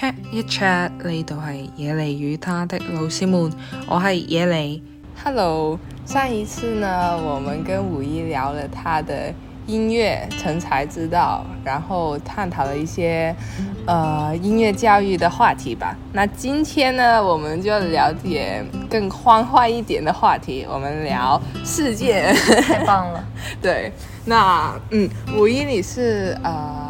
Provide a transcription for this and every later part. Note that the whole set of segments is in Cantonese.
chat 一 chat 呢度係野梨與他的老師們，我係野梨。Hello，上一次呢，我們跟武禕聊了他的音樂成才之道，然後探討了一些，呃，音樂教育的話題吧。那今天呢，我們就聊點更歡快一點的話題，我們聊世界。太棒了。 對，那嗯，武禕你是啊。呃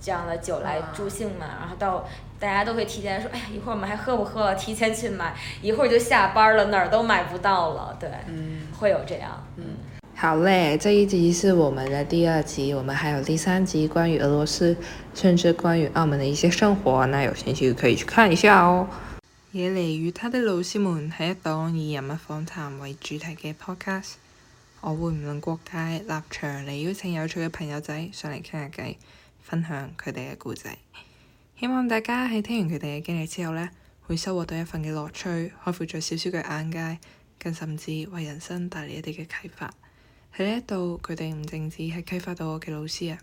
這樣的酒來助興嘛，啊、然後到大家都會提前說，哎，呀，一會兒我們還喝不喝？提前去買，一會兒就下班了，哪兒都買不到了。對，嗯，會有這樣，嗯，好嘞，這一集是我們的第二集，我們還有第三集關於俄羅斯，甚至關於澳門的一些生活，那有興趣可以去看一下哦。野梨與他的老師們係一檔以人物訪談為主題嘅 podcast，我會唔論國界立場，嚟邀請有趣嘅朋友仔上嚟傾下偈。分享佢哋嘅故事，希望大家喺聽完佢哋嘅經歷之後呢，會收穫到一份嘅樂趣，開闊咗少少嘅眼界，更甚至為人生帶嚟一啲嘅啟發。喺呢一度，佢哋唔淨止係啟發到我嘅老師啊，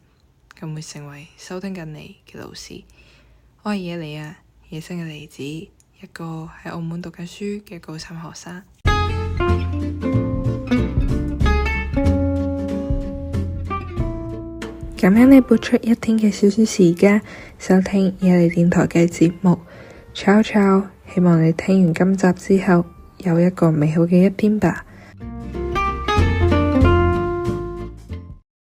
更會成為收聽緊你嘅老師。我係野梨啊，野生嘅梨子，一個喺澳門讀緊書嘅高三學生。 感恩你撥出一天嘅小小時間收聽野梨電台嘅節目，悄悄希望你聽完今集之後有一個美好嘅一天吧。